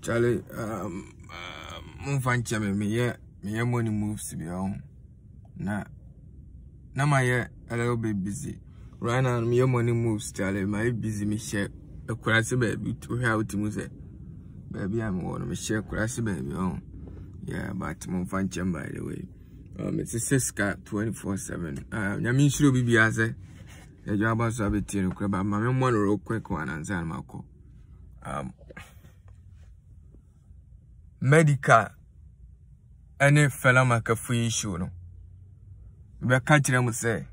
Charlie, um, mumfa um, nkyɛ me meyɛ meyɛ money moves bi ho na na mayɛ a little bit busy right now meyɛ money moves Charlie mayɛ busy mehyɛ akurase baabi wohwɛ a wotumi sɛ baabi a mewɔ no mehyɛ akurase baabi ho yeah but mumfa nkyɛ me by the way um, mesesɛ sika 24/7 um, nyame nhyira obi biara sɛ adwuma ba so abɛtie no kora ba ma memmoa no real quick wɔ anansa no makɔ um medical ne fɛlɛm akafo yi issue no bɛka kyerɛ mu sɛ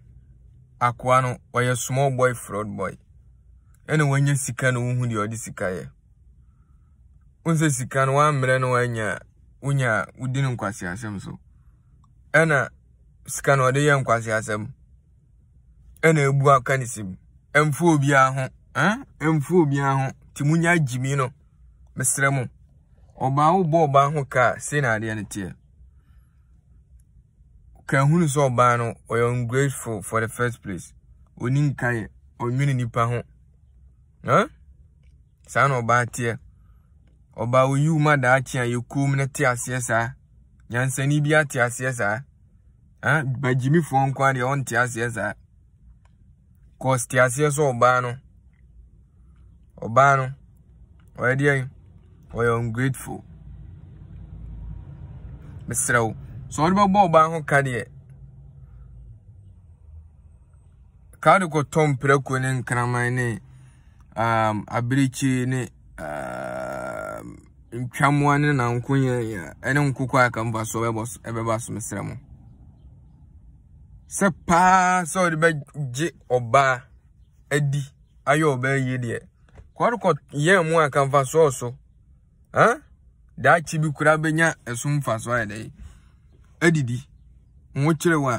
akoa no ɔyɛ small boy fraud boy ɛna wanya sika no wohu deɛ ɔde sika yɛ wohu sɛ sika no woammerɛ no woanya wonya wodi no nkwaseasɛm so ɛna sika no ɔde yɛ nkwaseasɛm ɛna ebu aka ne sim ɛmfu obiara ho ɛmfu obiara ho nti munya gyimi no mesrɛ mo ɔbaa wobɔ ɔbaa ho kaa sei na adeɛ no teɛ kan hunu sɛ ɔbaa no ɔyɛ ungrateful for the first place ɔni nkaeɛ ɔnwene nipa ho huh? saa na ɔbaa teɛ ɔbaa oyi wo ma daakye a yɛkuom no te aseɛ saa nyansani bi ate aseɛ saa huh? bagyimifoɔ nko a deɛ ɔnte aseɛ saa kɔs te aseɛ sɛ ɔbaa no ɔbaa no ɔyɛ or you're ungrateful. Mr. Um, um, so what about Bob Bango Cadia? Caduco Tom Prequin and Cramine, um, Abrici, um, Chamwan and Uncle, and Uncle Quack and Basso, ever bass, Mr. Mo. sɛ paa sɛ ɔde bɛgye ɔbaa adi ayɛ ɔbaa yie deɛ mu a kamfa so ha daakye bi koraa bɛnya ɛso mfaso ayɛ dɛ adidi mo kyerɛ wo a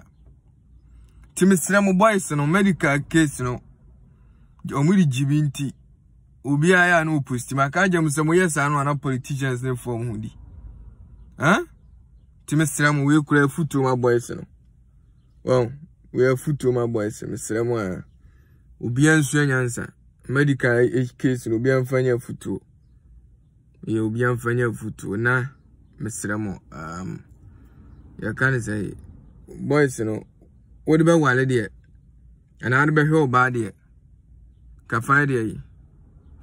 nti mesrɛ mo boys no medical case no ɔmo de gyi bi nti obiara yɛ a na ɔposti mu aka agye mo sɛ moyɛ saa no ana politicians ne fɔm ho di ha nti mesrɛ mo wei koraa afutuo ma boys no wɔn wei afutuo ma boys mesrɛ mo a obiara nso anyansa medical case no obiara mfa nyɛ afutuo yɛ obi amfa nyɛ afutuo na mesrɛ mo um, yɛka ne sɛ boys no wode bɛwale deɛ anaa wode bɛhwɛ wo baa deɛ kafan deɛ yi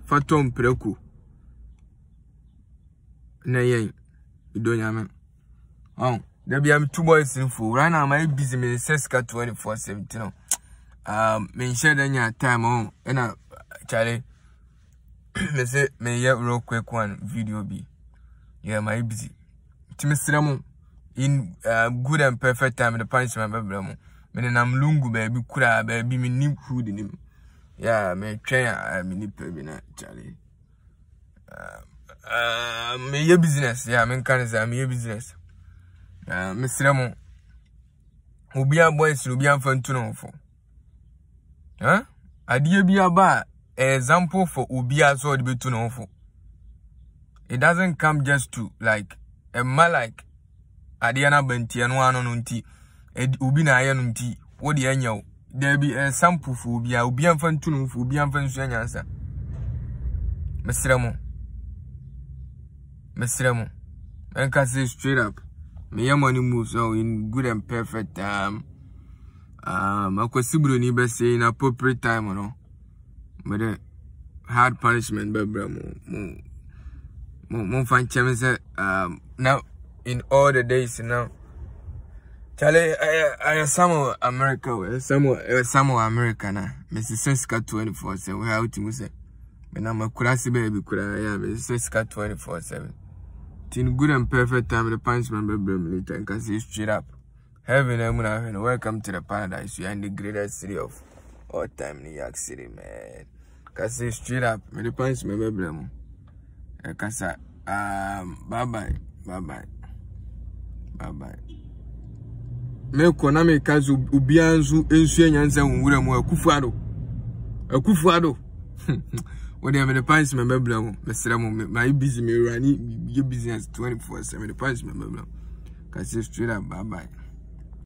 fa tɔ mprako na yɛn ɛdɔ nyame ɔn da am two boys mfo right now mayɛ busy mensɛ sika 24 17 no um, menhyɛ da nya time ɔ ɛna kyare me say meyɛ real quick one video bi yeah my busy Me mesrɛ mo in uh, good and perfect time the punishment bɛbrɛ mo menenam lungu baabi koraa Me menni hood nim yeah metwɛn a menni pɛ bi na Me uh, meyɛ uh, uh, business yeah me menka say me meyɛ business uh, me mo obiaa bɔ ɛsere obiaa mfa ntu ne ho fo huh? adeɛ bi aba example for ubia so de betu no fo it doesn't come just to like a ɛmma like adeɛ no aba ntiɛ no ano no nti obi na ayɛ no nti wode anya wo daabi ɛsampo fo obia obia mfa nto no fo obia mfa nsu anyansa mesrɛ mo mesrɛ mo can say straight up meyɛ money moves oh, in good and perfect time um, um, akwasi buroni bɛsɛ in appropriate time or no mede hard punishment but bro, mo mo mo find um, Now in all the days now. na I I some of america some eh, some of america na Mister sika 24 four seven. We wɔ ha wotumi sɛ menam akura se baabi koraa yɛ a Mister sika 24 7 nti in good and perfect time the punishment but bɛbrɛ me later nka sɛ straight up heaven amu welcome to the paradise you are in the greatest city of all time New York City, man. Cause it's straight up, me the punch me bebre mo. E eh, kasa, um, bye bye, bye bye, bye bye. Me kona me kazu ubianzu ensu enyanse unwure mo ekufuado, ekufuado. Eh, What am I the punch me bebre mo? Me sere mo, my busy me running, your business 24/7. Me the punch me bebre. it's straight up, bye bye.